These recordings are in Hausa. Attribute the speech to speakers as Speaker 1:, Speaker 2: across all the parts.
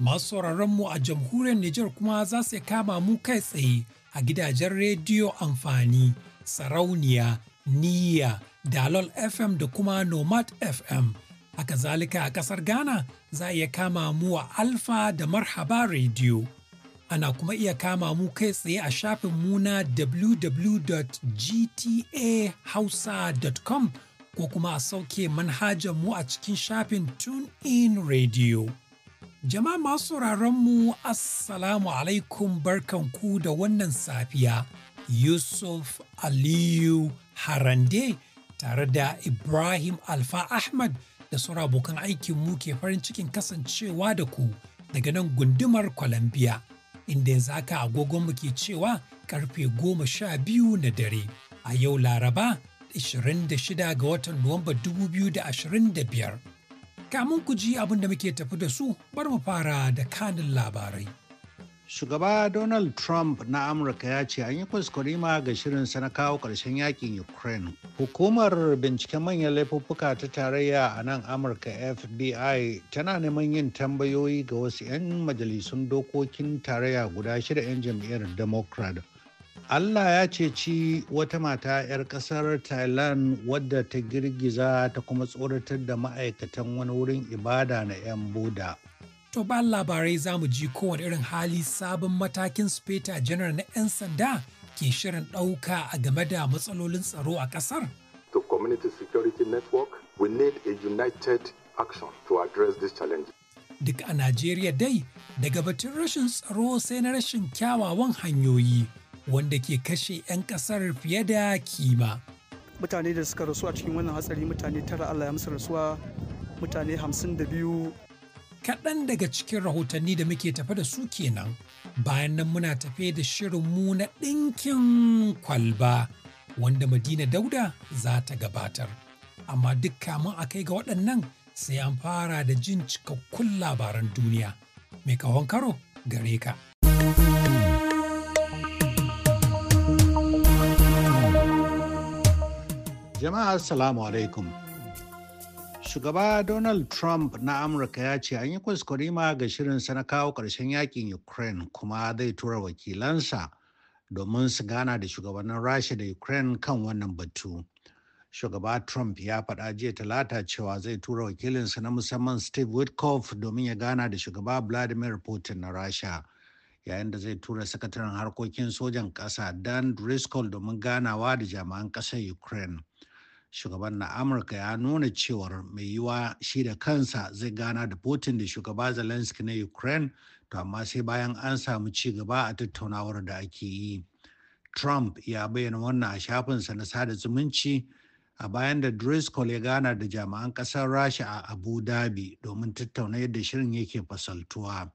Speaker 1: Masu mu a jamhuriyar Nijar kuma za su kama mu kai tsaye a gidajen rediyo amfani, sarauniya, niyya, dalol FM da kuma nomad FM. a kazalika a ƙasar Ghana za a iya kama mu a Alfa da Marhaba rediyo Ana kuma iya kama mu kai tsaye a shafin mu na www.gtahausa.com ko kuma a sauke manhajar mu a cikin shafin in Radio. Jama'a masu mu Assalamu alaikum barkan ku da wannan safiya. Yusuf Aliyu Harande tare da Ibrahim Alfa Ahmad da sauran abokan aikin mu ke farin cikin kasancewa da ku daga nan gundumar Columbia. Inda yanzu haka mu ke cewa karfe goma sha biyu na dare a yau Laraba 26 ga watan Nuwamba 2025. Kamun ku ji abin da muke tafi da su bar mu fara da kanin labarai.
Speaker 2: Shugaba Donald Trump na Amurka ya ce an yi ma ga shirin na kawo ƙarshen yakin Ukraine. Hukumar binciken manyan laifuffuka ta tarayya a nan Amurka FBI tana neman yin tambayoyi ga wasu 'yan majalisun dokokin tarayya guda shida 'yan jam'iyyar Democrat Allah ya ceci wata mata 'yar kasar Thailand wadda ta girgiza ta kuma tsoratar da ma'aikatan wani wurin ibada na 'yan Buda.
Speaker 1: To ba labarai za mu ji kowane irin hali sabon matakin speta General na 'yan sanda ke shirin ɗauka a game da matsalolin tsaro a ƙasar. To
Speaker 3: Community Security Network, we need a united action to address this challenge.
Speaker 1: Duk a Najeriya dai, daga batun rashin tsaro sai na rashin kyawawan hanyoyi. wanda ke kashe 'yan kasar fiye da kima.
Speaker 4: Mutane da suka rasu a cikin wannan hatsari mutane tara Allah ya musu rasuwa mutane hamsin da biyu. Kaɗan daga
Speaker 1: cikin rahotanni da muke tafe da su kenan bayan nan muna tafe da shirin mu na ɗinkin kwalba wanda Madina Dauda za ta gabatar. Amma duk kamun a kai ga waɗannan sai an fara da jin cikakkun labaran duniya. Mai kawon karo gare ka.
Speaker 2: Jama'a salamu alaikum. Shugaba Donald Trump na Amurka ya ce an yi ma ga shirinsa na kawo ƙarshen yakin Ukraine kuma zai tura wakilansa domin su gana da shugabannin Rasha da Ukraine kan wannan batu. Shugaba Trump ya faɗa jiya talata cewa zai tura wakilinsa na musamman Steve Witkoff domin ya gana da shugaba Vladimir Putin na Rasha. yayin da zai tura sakataren harkokin sojan ƙasa Dan Driscoll domin ganawa da jami'an ƙasar Ukraine. shugaban na amurka ya nuna cewar mai yiwa shi da kansa zai gana da putin da shugaba zelensky na ukraine to amma sai bayan an samu ci gaba a tattaunawar da ake yi trump ya bayyana wannan a shafinsa na sada zumunci a bayan da driscoll ya gana da jami'an kasar rasha a abu dhabi domin tattauna yadda shirin yake fasaltuwa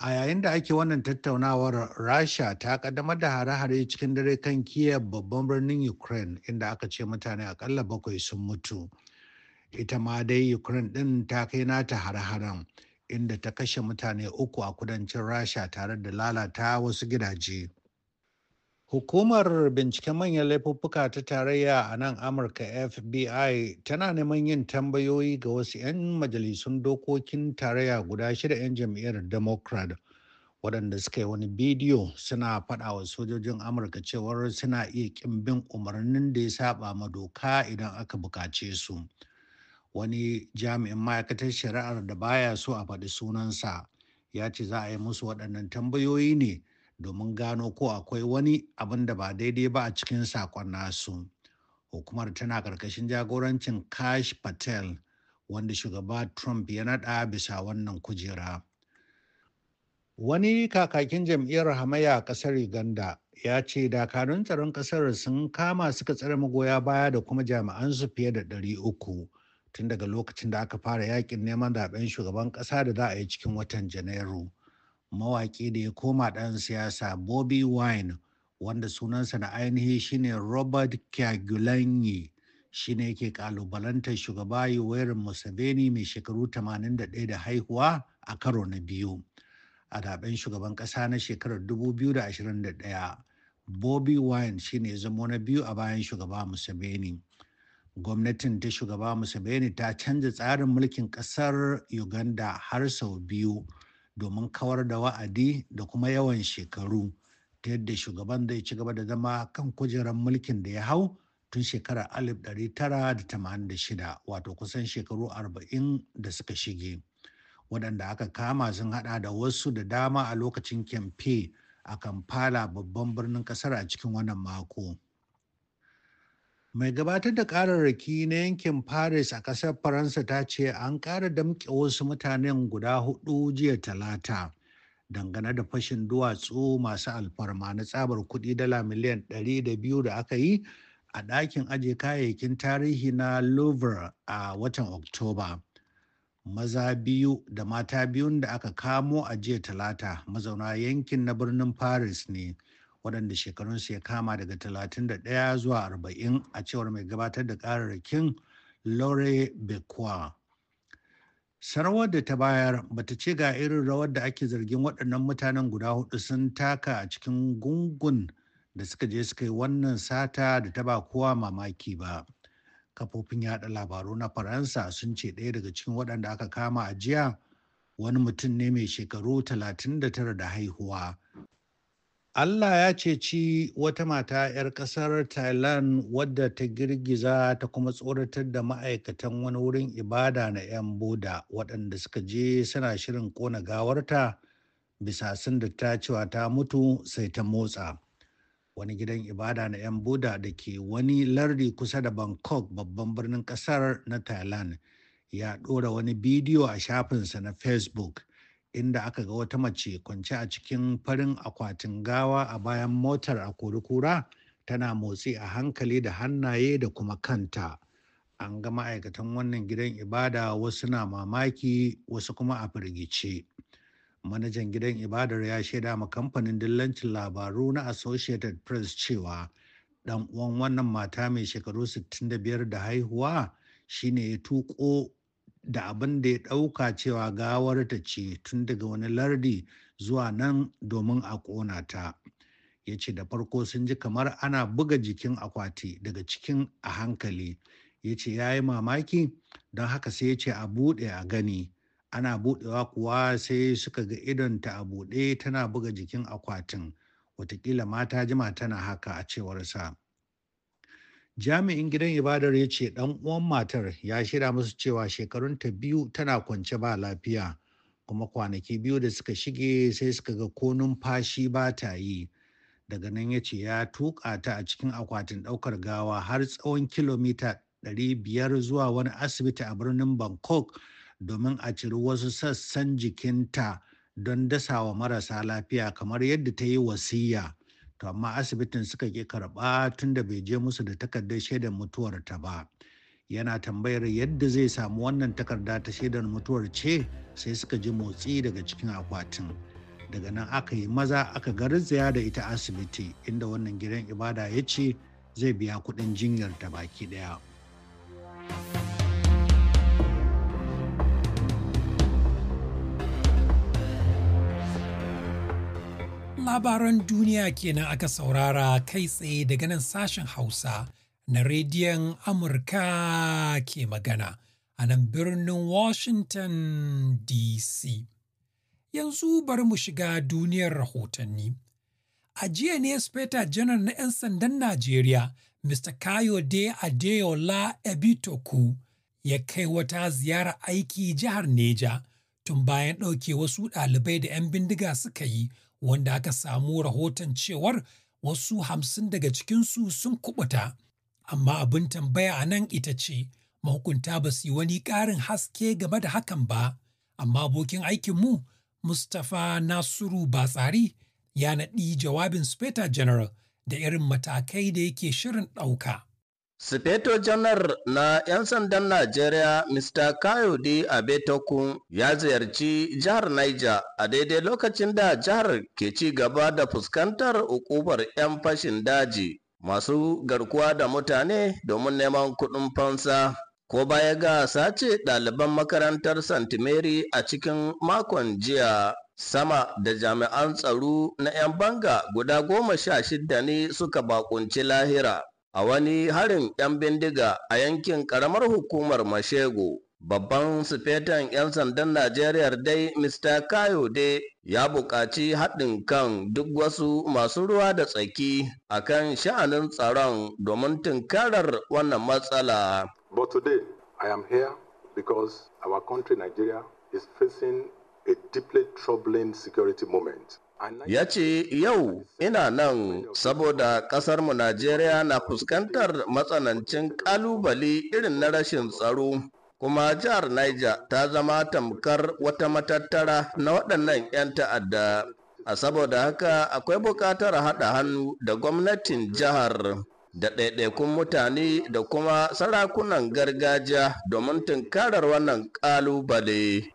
Speaker 2: a yayin da ake wannan tattaunawar rasha ta kaddamar da hare-hare cikin dare kan kiev babban birnin ukraine inda aka ce mutane akalla bakwai sun mutu ita ma dai ukraine din ta kai nata hare-haren inda ta kashe mutane uku a kudancin rasha tare da lalata wasu gidaje Hukumar binciken manyan laifuffuka ta tarayya a nan Amurka FBI tana neman yin tambayoyi ga wasu 'yan majalisun dokokin tarayya guda shida 'yan jam'iyyar Democrat waɗanda suka yi wani bidiyo suna faɗa wa sojojin Amurka cewar suna iya ƙin umarnin da ya saba ma doka idan aka bukace su. Wani jami'in ma'aikatar shari'ar da baya so a faɗi sunansa ya ce za a yi musu waɗannan tambayoyi ne. domin gano ko akwai wani abin da ba daidai ba a cikin saƙon nasu. Hukumar tana ƙarƙashin jagorancin Kash Patel wanda shugaba Trump ya naɗa bisa wannan kujera. Wani kakakin jam'iyyar hamayya a ƙasar Uganda ya ce dakarun tsaron ƙasar sun kama suka tsare magoya baya da kuma jami'ansu fiye da ɗari uku tun daga lokacin da aka fara yakin neman zaben shugaban ƙasa da za a yi cikin watan Janairu. mawaƙi da ya koma ɗan siyasa Bobby Wine wanda sunansa na ainihi shine Robert Kyagulanyi shi ne yake ƙalubalantar shugaba Yoweri Museveni mai shekaru 81 da haihuwa a karo na biyu. A zaben shugaban ƙasa na shekarar 2021, Bobby Wine shi ne zamo na biyu a bayan shugaba Museveni. Gwamnatin ta shugaba Museveni ta canza tsarin mulkin ƙasar Uganda har sau biyu. domin kawar da wa'adi da kuma yawan shekaru ta yadda shugaban zai ci gaba da zama kan kujerar mulkin da ya hau tun shekarar 1986 wato kusan shekaru 40 da suka shige waɗanda aka kama sun hada da wasu da dama a lokacin kyamfe a kampala babban birnin ƙasar a cikin wannan mako. mai gabatar da kararraki na yankin paris a ƙasar faransa ta ce an ƙara damƙe wasu mutanen guda hudu jiya talata dangane da fashin duwatsu masu alfarma na tsabar kuɗi dala miliyan 200 da aka yi a ɗakin ajiye kayayyakin tarihi na louvre a watan oktoba maza biyu da mata biyun da aka kamo a jiya talata mazauna yankin na birnin paris ne waɗanda shekarunsu ya kama daga 31 zuwa 40 a cewar mai gabatar da ƙararrakin Lore Bekwa. Sarwar da ta bayar bata ce ga irin rawar da ake zargin waɗannan mutanen guda hudu sun taka a cikin gungun da suka je suka yi wannan sata da ta ba kowa mamaki ba. Kafofin yaɗa labaru na Faransa sun ce ɗaya daga cikin waɗanda aka kama a jiya wani mutum ne mai shekaru 39 da haihuwa Allah ya ceci wata mata 'yar ƙasar Thailand wadda ta girgiza ta kuma tsoratar da ma'aikatan wani wurin ibada na 'yan Buda waɗanda suka je suna shirin kona gawarta bisa sun da ta cewa ta mutu sai ta motsa. Wani gidan ibada na 'yan Buda da ke wani lardi kusa da Bangkok babban birnin ƙasar na Thailand ya ɗora wani bidiyo a shafinsa na Facebook. inda aka ga wata mace kwance a cikin farin akwatin gawa a bayan motar a kura tana motsi a hankali da hannaye da kuma kanta an ga ma'aikatan wannan gidan ibada wasu na mamaki wasu kuma a firgice manajan gidan ibadar ya shaida ma kamfanin dillancin labaru na associated press cewa dan uwan wannan mata mai shekaru 65 da haihuwa shine ya tuko da abin da ya ɗauka cewa gawarta ce tun daga wani lardi zuwa nan domin a ƙona ta ya ce da farko sun ji kamar ana buga jikin akwati daga cikin a hankali ya ce ya yi mamaki don haka sai ya ce a buɗe a gani ana buɗewa kuwa sai suka ga idonta a buɗe tana buga jikin akwatin watakila mata jima tana haka a cewar sa. jami'in gidan ibadar ya ce ɗan uwan matar ya shirya musu cewa shekarunta biyu tana kwance ba lafiya kuma kwanaki biyu da suka shige sai suka ga ko numfashi ba ta yi daga nan ya ce ya tuƙa ta a cikin akwatin daukar gawa har tsawon kilomita 500 zuwa wani asibiti a birnin bangkok domin a ciri wasu sassan jikinta don dasawa marasa lafiya kamar yadda ta yi wasiya to amma asibitin suka ke karɓa tun da bai je musu da takardar shaidar mutuwar ta ba yana tambayar yadda zai samu wannan takarda ta shaidar mutuwar ce sai suka ji motsi daga cikin akwatin daga nan aka yi maza aka garzaya da ita asibiti inda wannan gidan ibada ya ce zai biya kuɗin jinyar ta baki ɗaya.
Speaker 1: labaran duniya kenan aka saurara kai tsaye daga nan sashen Hausa na rediyon Amurka ke magana a nan birnin Washington DC. Yanzu bari mu shiga duniyar rahotanni. A jiya ne Speta janar na 'yan sandan Najeriya, Mr. Kayode Adeola Ebitoku, ya kai wata ziyara aiki jihar Neja tun bayan ɗauke wasu ɗalibai da 'yan bindiga suka yi wanda aka samu rahoton cewar wasu hamsin daga cikinsu sun kubuta. Amma abin tambaya a nan ita ce, mahukunta ba su yi wani ƙarin haske game da hakan ba, amma abokin aikinmu Mustapha Nasiru Batsari ya naɗi jawabin Speta General da irin matakai da yake shirin ɗauka.
Speaker 5: Sifeto janar na 'yan sandan Najeriya Mr. Kayode Abetokun ya ziyarci jihar Niger a daidai lokacin da jihar ke ci gaba da fuskantar hukumar 'yan fashin daji masu garkuwa da mutane domin neman kuɗin fansa. Ko baya ga sace ɗaliban makarantar St. Mary a cikin makon jiya sama da jami'an tsaro na 'yan banga guda goma sha shidda ne suka bakunci lahira. a wani harin 'yan bindiga a yankin ƙaramar hukumar Mashego. Babban sufetan 'yan sandan Najeriya dai Mr. Kayode ya buƙaci haɗin kan duk wasu masu ruwa da tsaki a kan sha'anin tsaron domin tunkarar wannan matsala.
Speaker 3: But today I am here because our country Nigeria is facing a deeply troubling security moment. ya
Speaker 5: ce yau ina nan saboda ƙasarmu najeriya na fuskantar matsanancin ƙalubale irin na rashin tsaro kuma jihar niger ta zama tamkar wata matattara na waɗannan 'yan ta'adda a saboda haka akwai buƙatar haɗa hannu da gwamnatin jihar da ɗaiɗaikun mutane da kuma sarakunan
Speaker 3: gargajiya domin tunkarar wannan ƙalubale.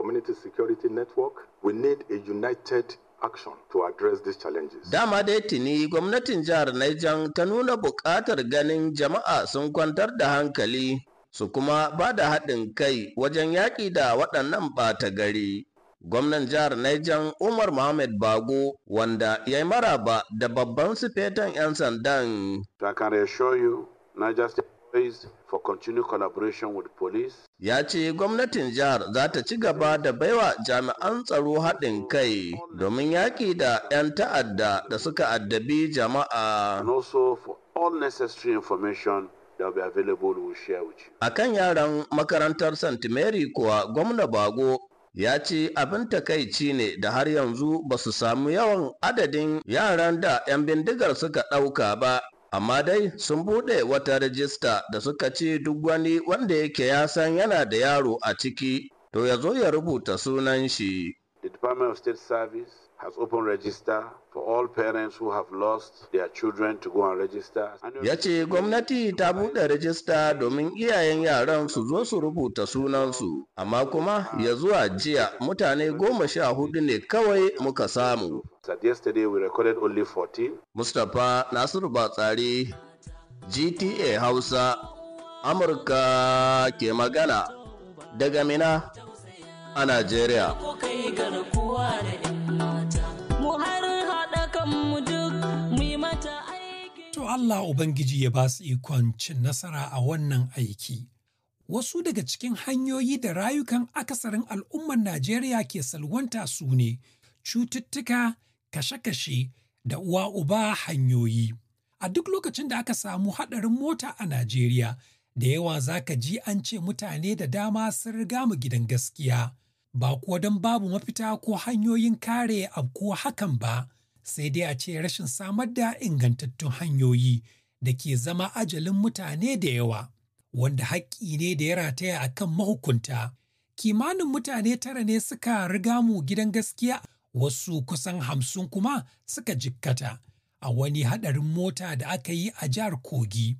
Speaker 3: Community Security Network, we need a united action to address these challenges.
Speaker 5: Dama dai tuni gwamnatin jihar Niger ta nuna buƙatar ganin jama'a sun kwantar da hankali su kuma ba da haɗin kai wajen yaƙi da waɗannan ɓata gari. Gwamnan jihar Niger Umar Mohamed Bago wanda ya yi maraba da babban sufetan 'yan sandan.
Speaker 3: I can assure you, Niger
Speaker 5: Ya ce gwamnatin jihar za ta ci gaba da baiwa jami'an tsaro haɗin kai domin yaƙi da 'yan ta'adda da suka addabi jama'a. A kan yaran makarantar St. Mary kuwa gwamna Bago ya ce abin takaici ne da har yanzu ba su samu yawan adadin yaran da 'yan bindigar suka ɗauka ba amma dai sun buɗe wata rajista da suka ce duk wani wanda yake ya san yana da yaro a ciki to ya zo ya rubuta sunan shi.
Speaker 3: The Department of State Service Ya ce
Speaker 5: gwamnati ta buɗe rajista domin iyayen yaran su zo su rubuta sunansu, amma kuma ya zuwa jiya mutane goma sha hudu ne kawai muka samu. Mustapha Nasiru Batsari, GTA Hausa, Amurka ke magana daga Mina a
Speaker 1: Najeriya. so Allah Ubangiji ya ba su ikon cin nasara a wannan aiki. Wasu daga cikin hanyoyi da rayukan akasarin al'ummar Najeriya ke salwanta su ne cututtuka, kashe-kashe da uwa uba hanyoyi. A duk lokacin da aka samu haɗarin mota a Najeriya, da yawa za ka ji an ce mutane da dama sun riga mu gidan gaskiya. Ba kuwa don babu mafita ko hanyoyin kare ko hakan ba. sai dai a ce rashin samar da ingantattun hanyoyi da ke zama ajalin mutane da yawa wanda haƙƙi ne da ya rataya a kan mahukunta kimanin mutane tara ne suka riga mu gidan gaskiya wasu kusan hamsin kuma suka jikkata a wani haɗarin mota da aka yi a jihar kogi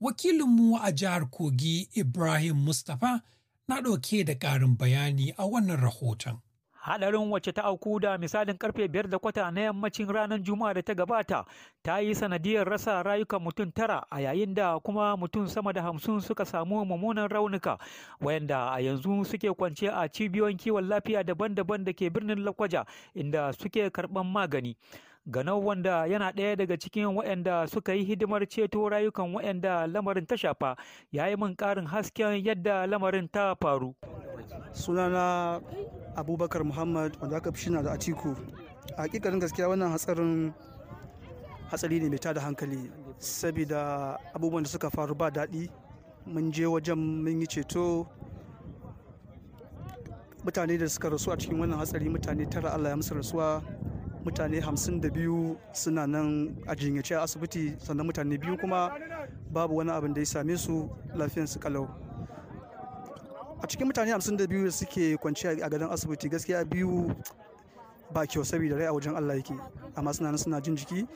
Speaker 1: wakilinmu a jihar kogi ibrahim mustapha na ɗauke da ƙarin bayani a wannan rahoton
Speaker 6: hadarin wacce ta auku da misalin karfe biyar da kwata na yammacin ranar juma'a da ta gabata ta yi sanadiyar rasa rayukan mutum tara a yayin da kuma mutum sama da hamsin suka samu mummunan raunuka wayanda a yanzu suke kwance a cibiyoyin kiwon lafiya daban-daban da ke birnin lakwaja inda suke karban magani ganau wanda yana ɗaya daga cikin waɗanda suka yi hidimar ceto rayukan waɗanda lamarin ta shafa ya yi min ƙarin hasken yadda lamarin ta faru
Speaker 4: sunana abubakar muhammad wanda aka fi shina da atiku a ƙiƙarin gaskiya wannan hatsarin hatsari ne mai tada hankali saboda abubuwan da suka faru ba daɗi mun je wajen mun yi ceto mutane da suka rasu a cikin wannan hatsari mutane tara allah ya musu rasuwa mutane 52 suna nan a jinyace a asibiti sannan mutane biyu kuma babu wani abin da ya same su lafiyansu kalau a cikin mutane 52 da suke kwanciya a gadon asibiti gaskiya biyu ba kyau saboda rai a wajen Allah yake amma suna nan suna jin jiki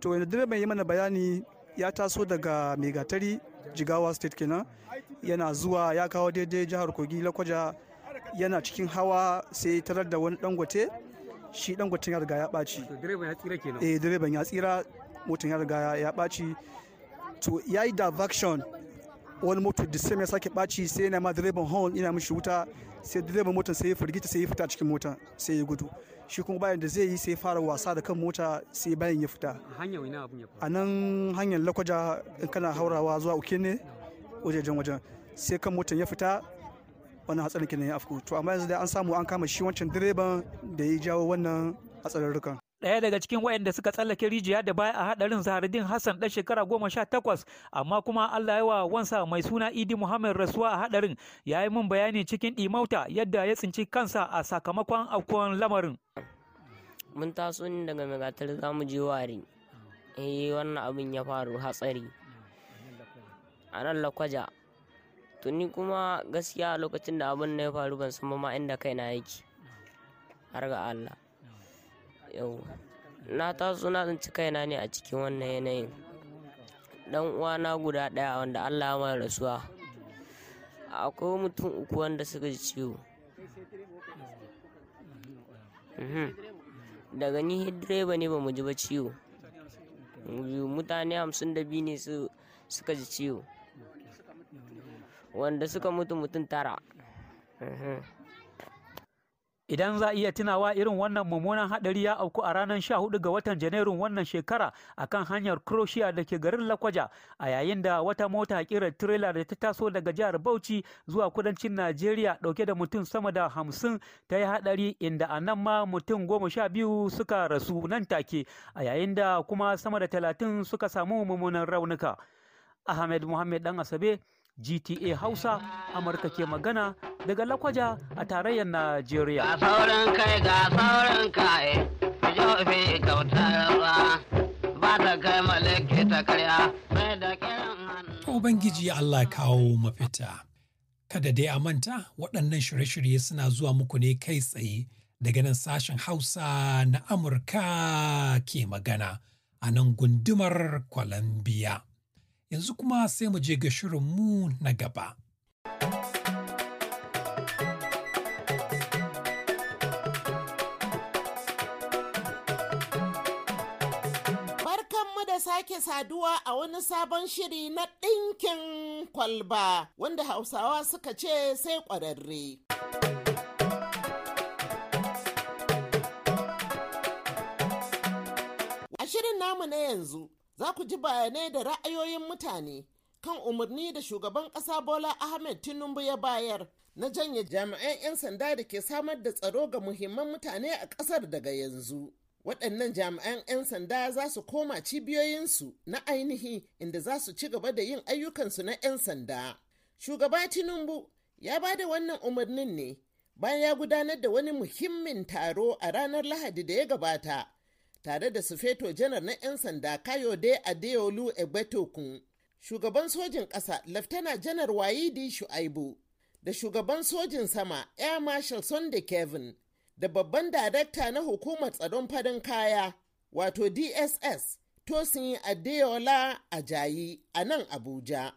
Speaker 4: to yanzu direban yi mana bayani ya taso daga megatari jigawa state kenan yana zuwa ya kawo daidai jihar kogi lakwaja yana cikin hawa sai tarar da wani dangote shi dan gwacin ya riga ya ɓaci
Speaker 6: direban ya tsira kenan eh
Speaker 4: direban ya tsira motan ya riga ya ɓaci to ya yi diversion wani moto da sai ya sake ɓaci sai yana ma direban horn ina mishi wuta sai direban motan sai ya firgita sai ya fita cikin mota sai ya gudu shi kuma bayan da zai yi sai fara wasa da kan mota sai bayan ya fita a nan hanyar lakwaja in kana haurawa zuwa uke ne wajejen wajen sai kan motan ya fita wannan hatsarin kenan ya afku to amma yanzu dai an samu an kama shi wancan direban da ya jawo wannan hatsarurrukan
Speaker 6: Ɗaya daga cikin waɗanda suka tsallake rijiya da baya a haɗarin Zahardin Hassan ɗan shekara goma sha takwas, amma kuma Allah yawa wansa mai suna Idi Muhammad rasuwa a haɗarin ya yi min bayani cikin ɗimauta yadda ya tsinci kansa a sakamakon aukuwan lamarin.
Speaker 5: Mun taso ne daga megatar za je ware, eh wannan abin ya faru hatsari. A nan lakwaja Tuni kuma gaskiya lokacin da abin na ya faru ban san ma inda kaina yake har ga Allah yau na taso na tsinci kaina ne a cikin wannan yanayin dan uwa na guda daya wanda Allah ya mara rasuwa akwai mutum uku wanda suka ji ciwo mhm. daga ni direba ne ba mu ji ba ciwo mutane hamsin da biyu ne suka ji ciwo wanda suka mutu mutum tara
Speaker 6: Idan za iya tunawa irin wannan mummunan hadari ya auku a ranar 14 ga watan Janairun wannan shekara a kan hanyar Croatia da ke garin Lakwaja a yayin da wata mota kirar trailer da ta taso daga jihar Bauchi zuwa kudancin Najeriya dauke da mutum sama da hamsin ta yi hadari inda a nan ma mutum goma sha biyu suka rasu nan take a yayin da kuma sama da talatin suka samu mummunan raunuka. Ahmed Muhammad Dan Asabe GTA Hausa Amurka ke magana daga Lakwaja a tarayyar Najeriya. Ga
Speaker 1: sauran kai
Speaker 7: ga sauran kai,
Speaker 6: jo fi
Speaker 7: ba ta kai malaki ta karya, da
Speaker 1: kiran Allah kawo mafita. Kada dai a manta waɗannan shirye-shirye suna zuwa muku ne kai tsaye daga nan sashen Hausa na Amurka ke magana a nan gundumar Columbia. yanzu kuma sai mu je ga mu na gaba.
Speaker 8: sake saduwa a wani sabon shiri na ɗinkin kwalba wanda hausawa suka ce sai ƙwararre. A shirin namu na yanzu za ku ji bayanai da ra'ayoyin mutane kan umarni da shugaban ƙasa Bola Ahmed Tinubu ya bayar na janye jami'an 'yan sanda da ke samar da tsaro ga muhimman mutane a ƙasar daga yanzu. Waɗannan jami'an 'yan sanda za su koma cibiyoyinsu na ainihi inda za su ci gaba da yin ayyukansu na 'yan sanda. Shugaba Tinubu ya ba da wannan umarnin ne bayan ya gudanar da wani muhimmin taro a ranar Lahadi da ya gabata tare da sufeto janar na 'yan sanda kayode adeolu egbetokun shugaban sojin ƙasa laftana janar wayidi shu'aibu da shugaban sojin sama air marshal sunday kevin da babban darakta na hukumar tsaron farin kaya wato dss tosin adeola ajayi a nan abuja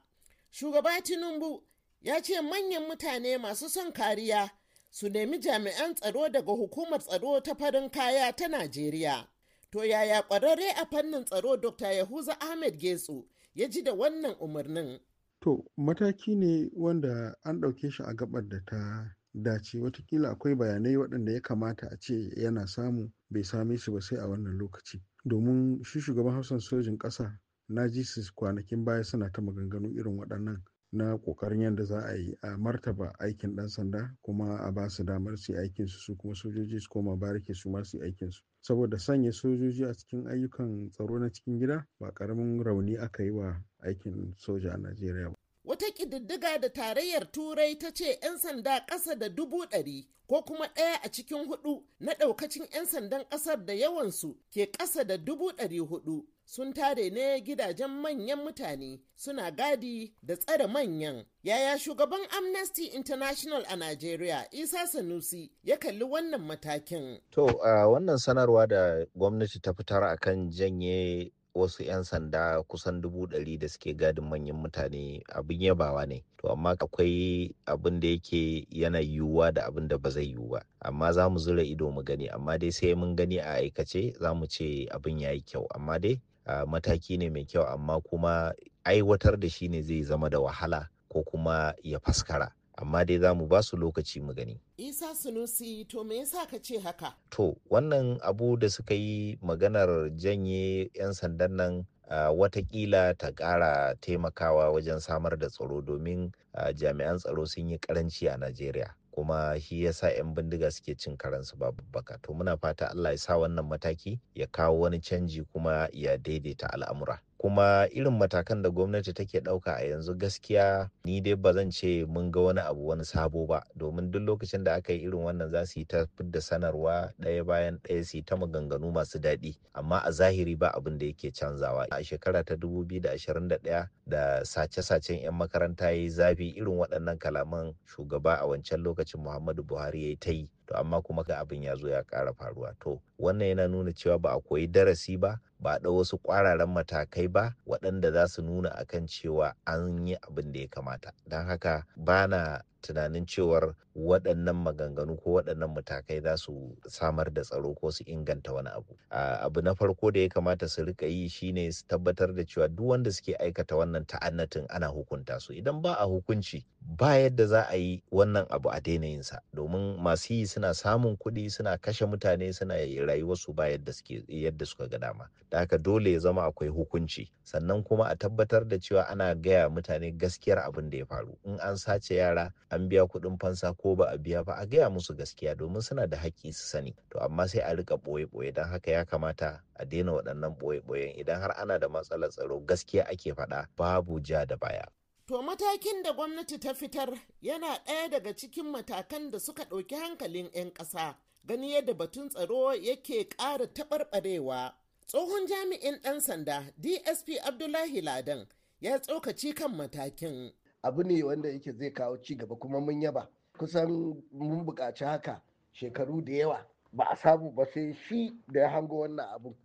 Speaker 8: shugaba tinubu ya ce manyan mutane masu son kariya su nemi jami'an tsaro daga hukumar tsaro ta farin kaya ta najeriya To yaya kwararre a fannin tsaro Dr. Yahuza Ahmed Getsu ya ji da wannan umarnin?
Speaker 9: To mataki ne wanda an ɗauke shi a gabar da ta dace watakila akwai bayanai waɗanda ya kamata a ce yana samu bai same su ba sai a wannan lokaci. Domin shi shugaban hausan sojin ƙasa na ji su kwanakin baya suna ta maganganu irin waɗannan na ƙoƙarin yadda za a yi a martaba aikin ɗan sanda kuma a ba su damar su aikin su su kuma sojoji su koma barike su masu aikin su saboda sanya sojoji a cikin ayyukan tsaro na cikin gida ba karamin rauni aka yi wa aikin soja a Najeriya ba.
Speaker 8: Wata kididdiga da tarayyar Turai ta ce 'yan sanda ƙasa da dubu ɗari ko kuma ɗaya a cikin hudu na ɗaukacin 'yan sandan ƙasar da yawansu ke ƙasa da dubu ɗari hudu. sun tare ne gidajen manyan mutane suna gadi da tsare manyan. Yaya shugaban Amnesty International a nigeria Isa Sanusi ya kalli wannan matakin.
Speaker 10: To, uh, wannan sanarwa da gwamnati ta fitar a kan janye wasu 'yan sanda kusan dubu ɗari da suke gadin manyan mutane abin yabawa ne to amma akwai abin da yake yana yiwuwa da abin da ba zai yiwu ba amma za mu zura ido mu gani amma dai sai mun gani a aikace za mu ce abin ya yi kyau amma dai mataki ne mai kyau amma kuma aiwatar da shi ne zai zama da wahala ko kuma ya faskara amma dai za mu ba su lokaci mu gani.
Speaker 8: Isa Sunusi to me yasa ka ce haka?
Speaker 10: To wannan abu da suka yi maganar janye 'yan sandan nan uh, watakila ta kara taimakawa wajen samar da tsaro domin uh, jami'an tsaro sun yi karanci a Najeriya. kuma shi ya sa 'yan bindiga suke cin karansu babu baka to muna fata allah ya sa wannan mataki ya kawo wani canji kuma ya daidaita al'amura kuma irin matakan da gwamnati take ɗauka a yanzu gaskiya ni dai ba zan ce mun ga wani abu wani sabo ba domin duk lokacin da aka yi irin wannan za su yi ta fidda sanarwa ɗaya bayan ɗaya su yi ta maganganu masu daɗi amma a zahiri ba abin da yake canzawa a shekara ta dubu 2021 da sace-sacen 'yan makaranta ya yi zafi irin waɗannan kalaman shugaba a wancan lokacin muhammadu buhari ya yi ta yi to amma kuma ga abin ya zo ya ƙara faruwa to wannan yana nuna cewa ba a koyi darasi ba ba da wasu kwararan matakai ba waɗanda za su nuna akan cewa an yi abin da ya kamata don haka ba na tunanin cewar waɗannan maganganu ko waɗannan matakai za su samar da tsaro ko su inganta wani abu abu na farko da ya kamata su rika yi shine su tabbatar da cewa duk wanda suke aikata wannan ta'annatin ana hukunta su idan ba a hukunci ba yadda za a yi wannan abu a daina yinsa domin masu yi suna samun kuɗi suna kashe mutane suna rayuwarsu ba yadda suka ga dama da haka dole ya zama akwai hukunci sannan kuma a tabbatar da cewa ana gaya mutane gaskiyar abin da ya faru in an sace yara an biya kuɗin fansa ko ba a biya ba a gaya musu gaskiya domin suna da haƙƙi su sani to amma sai a rika ɓoye-ɓoye don haka ya kamata a daina waɗannan ɓoye-ɓoyen idan har ana da matsalar tsaro gaskiya ake faɗa babu ja da baya
Speaker 8: To matakin da gwamnati ta fitar yana ɗaya daga cikin matakan da suka ɗauki hankalin 'yan ƙasa gani yadda batun tsaro yake ƙara taɓarɓarewa. Tsohon jami'in ɗan sanda DSP Abdullahi Ladan ya tsokaci kan matakin.
Speaker 7: Abu ne wanda yake zai kawo ci gaba kuma mun yaba. Kusan mun buƙaci haka shekaru da yawa ba a sabu ba sai shi da ya hango wannan abu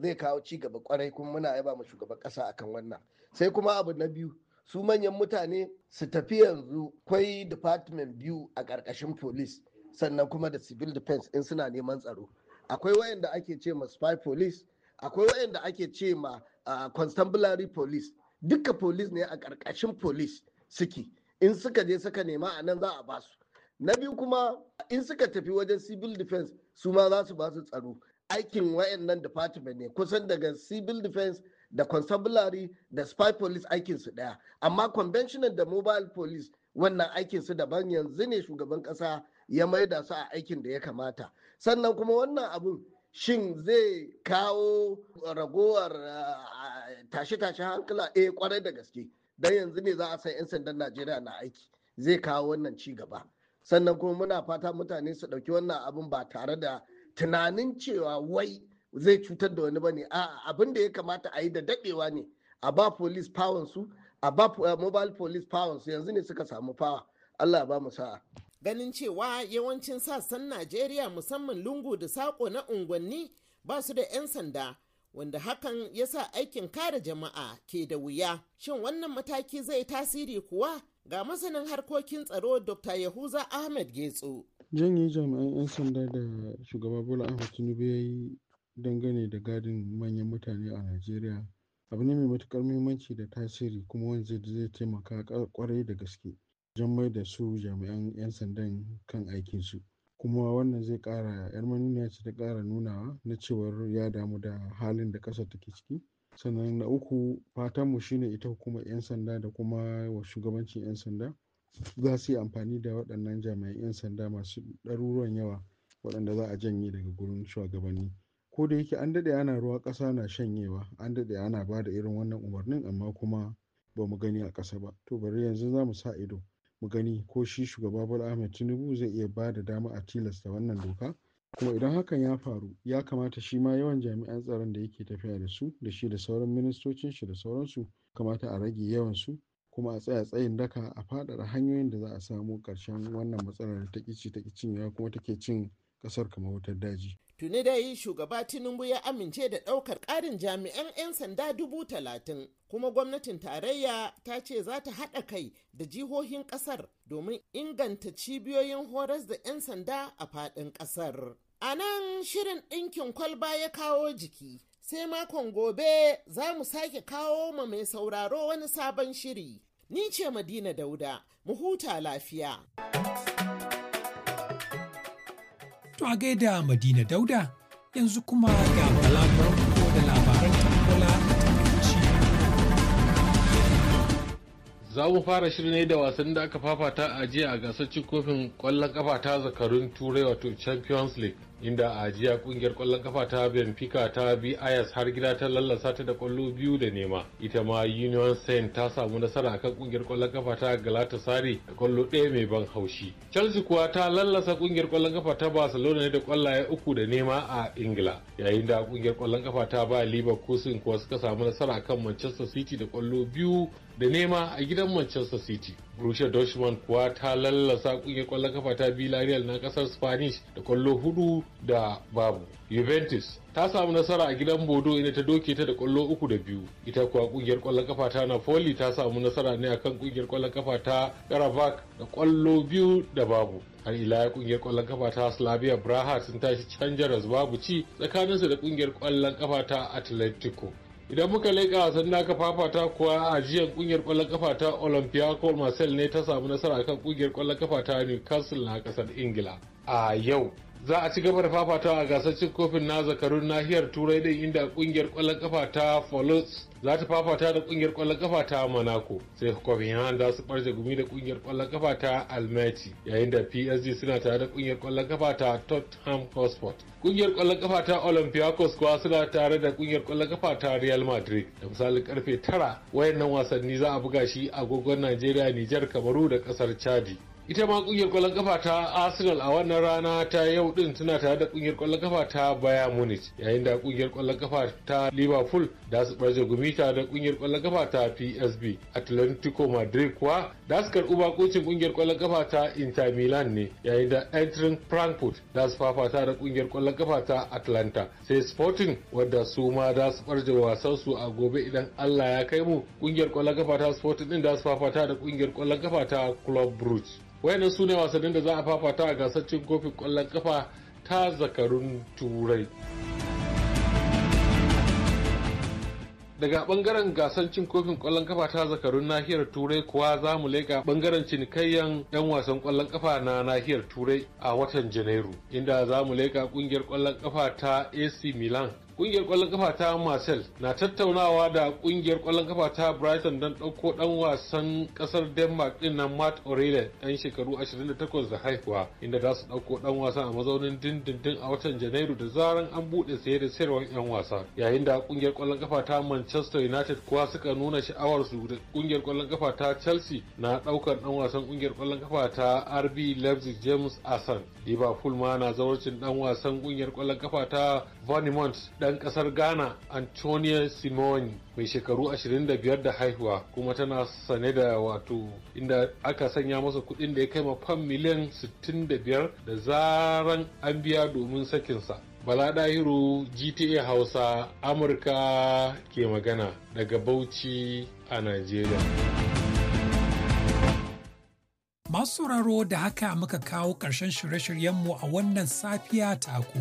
Speaker 7: Zai kawo ci gaba kwarai kuma muna yaba mu shugaban ƙasa akan wannan. Sai kuma abu na biyu su manyan mutane su tafi yanzu kwai department biyu a ƙarƙashin police. sannan kuma da civil defense in suna neman tsaro akwai wayanda ake ce ma spy police akwai wayanda ake ce ma constabulary police duka police ne a karkashin police suke in suka je suka nema a nan za a ba su. na biyu kuma in suka tafi wajen civil defense su ma za su ba su tsaro aikin wayannan department ne kusan daga civil defense da constabulary da spy police aikin su daya amma conventional da mobile police wannan aikin su daban yanzu ne shugaban kasa ya mai da su a aikin da ya kamata sannan kuma wannan abun shin zai kawo ragowar tashe-tashen hankala eh kwarai eh, da gaske don yanzu ne za a san 'yan sandan najeriya na aiki zai kawo wannan ci gaba sannan kuma muna fata mutane su ɗauki wannan abun ba tare da tunanin cewa wai zai cutar da wani bane a abin da ya kamata a yi da daɗewa ne a ba police power su a ba eh, mobile
Speaker 8: police power yanzu ne suka samu fawa allah ba mu sa'a ganin cewa yawancin sassan najeriya musamman lungu da saƙo na unguwanni ba su da 'yan sanda wanda hakan ya sa aikin kare jama'a ke da wuya shin wannan mataki zai tasiri kuwa ga masanin harkokin tsaro dr yahuza ahmed getso
Speaker 9: janye jami'an 'yan sanda da shugaba bola ahmed tinubu ya yi dangane da gadin manyan mutane a najeriya abu ne mai matukar muhimmanci da tasiri kuma wanda zai taimaka kwarai da gaske wajen mai da su jami'an 'yan sandan kan aikinsu. Kuma wannan zai ƙara ‘yar manuniya ce ta ƙara nunawa na cewar ya damu da halin da ƙasar take ciki. Sannan na uku fatanmu shine ita hukumar 'yan sanda da kuma wa shugabancin 'yan sanda za su yi amfani da waɗannan jami'an 'yan sanda masu ɗaruruwan yawa waɗanda za a janye daga gurin shugabanni. Ko da yake an daɗe ana ruwa ƙasa na shanyewa, an daɗe ana ba da irin wannan umarnin amma kuma ba mu gani a ƙasa ba. To bari yanzu za mu sa ido. mu gani ko shi shugaba bola ahmed tinubu zai iya ba da dama a tilasta wannan doka kuma idan hakan ya faru ya kamata shi ma yawan jami'an tsaron da yake tafiya da su da shi da sauran ministocin shi da sauransu kamata a rage yawan su kuma a tsaya tsayin daka a faɗaɗa hanyoyin da za a samu karshen wannan matsalar ta kici ta ƙicin ya kuma take cin kasar kamar wutar daji
Speaker 8: Tuni dai shugaba Tinubu ya amince da ɗaukar ƙarin jami'an 'yan sanda dubu talatin, kuma gwamnatin tarayya ta ce za ta haɗa kai da jihohin ƙasar domin inganta cibiyoyin horas da 'yan sanda a faɗin ƙasar. A nan shirin ɗinkin kwalba ya kawo jiki, sai makon gobe za mu sake kawo ma mai sauraro wani sabon shiri. Ni ce Madina Dauda, mu huta lafiya.
Speaker 1: To a gaida Madina Dauda yanzu kuma ga balaguran da labaran tambola
Speaker 11: Za mu fara shirin ne da wasan da aka fafata a jiya a gasar cin kofin ƙwallon ƙafa ta zakarun Turai wato Champions League. inda a jiya kungiyar kwallon kafa ta benfica ta bi ayas har gida ta lallasa ta da kwallo biyu da nema ita ma union saint ta samu nasara akan kungiyar kwallon kafa ta galatasari da kwallo ɗaya mai ban haushi chelsea kuwa ta lallasa kungiyar kwallon kafa ta barcelona ne da kwallaye uku da nema a ingila yayin da kungiyar kwallon kafa ta ba liverpool kuwa suka samu nasara akan manchester city da kwallo biyu da nema a gidan Manchester City. Borussia Dortmund kuwa ta lallasa kungiyar kwallon kafa ta Villarreal na kasar Spanish da kwallo hudu da babu. Juventus ta samu nasara a gidan Bodo inda ta doke ta da kwallo uku da biyu. Ita kuwa kungiyar kwallon kafa ta Napoli ta samu nasara ne akan kungiyar kwallon kafa ta Karabakh da kwallo biyu da babu. har ila kungiyar kwallon kafa ta Slavia Braha sun tashi can babu ci tsakaninsu da kungiyar kwallon kafa ta Atletico. idan muka leƙa wasan da aka fafata kuwa a jiyan kungiyar kwallon kafa ta ko marcel ne ta samu nasara kan ƙungiyar kwallon kafa ta newcastle na ƙasar ingila a yau za a ci gaba da fafatawa a gasar cin kofin na zakarun nahiyar turai da inda kungiyar kwallon kafa ta folos za ta fafata da kungiyar kwallon kafa ta monaco sai copenhagen za su barje gumi da kungiyar kwallon kafa ta almaty yayin da psg suna tare da kungiyar kwallon kafa ta tottenham hotspur kungiyar kwallon kafa ta olympiacos kuwa suna tare da kungiyar kwallon kafa ta real madrid da misali karfe tara wayannan wasanni za a buga shi a agogon najeriya nijar kamaru da kasar chadi ita ma kungiyar kwallon kafa ta arsenal a wannan rana ta yau din tana tare da kungiyar kwallon kafa ta bayern munich yayin da kungiyar kwallon kafa ta liverpool da su barje gumi tare da kungiyar kwallon kafa ta psb atlantico madrid kuwa daskar uba karɓi kungiyar ƙungiyar kafa ta Inter Milan ne yayin da entrin Frankfurt da su fafata da ƙungiyar kwallon kafa ta Atlanta sai Sporting wadda su ma da su barje wasan su a gobe idan Allah ya kai mu ƙungiyar ƙwallon kafa ta Sporting din da su fafata da ƙungiyar ƙwallon kafa ta Club Brugge wayannan su ne wasannin da za a fafata a gasar cin kofin kwallon kafa ta zakarun Turai. daga bangaren gasar cin kofin kwallon kafa ta zakarun nahiyar turai kuwa za mu leka bangaren cinikayyan yan wasan kwallon kafa na nahiyar turai a watan janairu inda za mu leka kungiyar kwallon kafa ta ac milan Kungiyar kwallon kafa ta Marcel na tattaunawa da kungiyar kwallon kafa ta Brighton don ɗauko ɗan wasan ƙasar Denmark ɗin na Matt O'Reilly dan shekaru 28 da haihuwa inda za su ɗauko ɗan wasa a mazaunin dindindin a watan Janairu da zaran an buɗe saye da sayarwar 'yan wasa. Yayin da kungiyar kwallon kafa ta Manchester United kuwa suka nuna sha'awarsu da kungiyar kwallon kafa ta Chelsea na ɗaukar ɗan wasan kungiyar kwallon kafa ta RB Leipzig James assan Liverpool ma na zawarcin ɗan wasan kungiyar kwallon kafa ta Vanimont ɗan ƙasar ghana antonio simoni mai shekaru 25 da haihuwa kuma tana sane da wato inda aka sanya masa kuɗin da ya kai fam miliyan 65 da zaran an biya domin sakinsa bala ɗahiru gta hausa amurka ke magana daga bauchi a nigeria
Speaker 1: Masu sauraro da haka muka kawo ƙarshen shirye-shiryenmu a wannan safiya taku.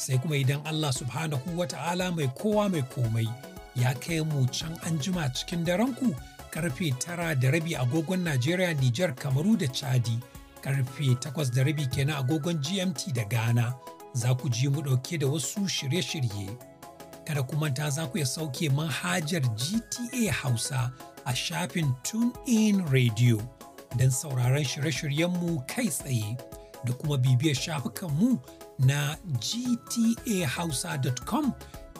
Speaker 1: sai kuma idan Allah subhanahu wa ta'ala mai kowa mai komai ya kai mu can anjima jima cikin ku? karfe tara da rabi agogon Najeriya, Nijar, Kamaru da Chadi, karfe takwas da rabi kenan agogon GMT da Ghana za ku ji mu ɗauke da wasu shirye-shirye. Kada kuma ta za ku ya sauke manhajar GTA Hausa a shafin TuneIn Radio don sauraron shirye shiryen mu kai tsaye da kuma bibiyar mu. na gtahausa.com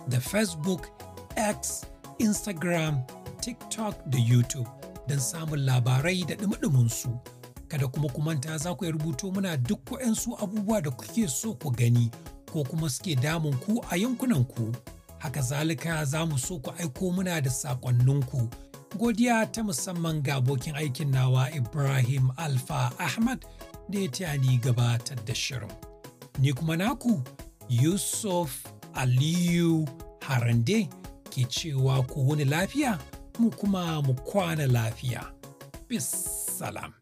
Speaker 1: da Facebook, X, Instagram, TikTok da YouTube don samun labarai da ɗumi Kada kuma kumanta za ku rubuto muna duk waɗansu abubuwa da kuke so ku gani ko kuma suke damun ku a yankunan ku. Haka zalika za mu so ku aiko muna da saƙonninku. Godiya ta musamman ga abokin aikin nawa Ibrahim Alfa Ahmad da ya ni gabatar da shirin. Ni kuma naku Yusuf Aliyu Harande ke cewa ku wani lafiya mu kuma mu kwana lafiya. Bis
Speaker 6: salam.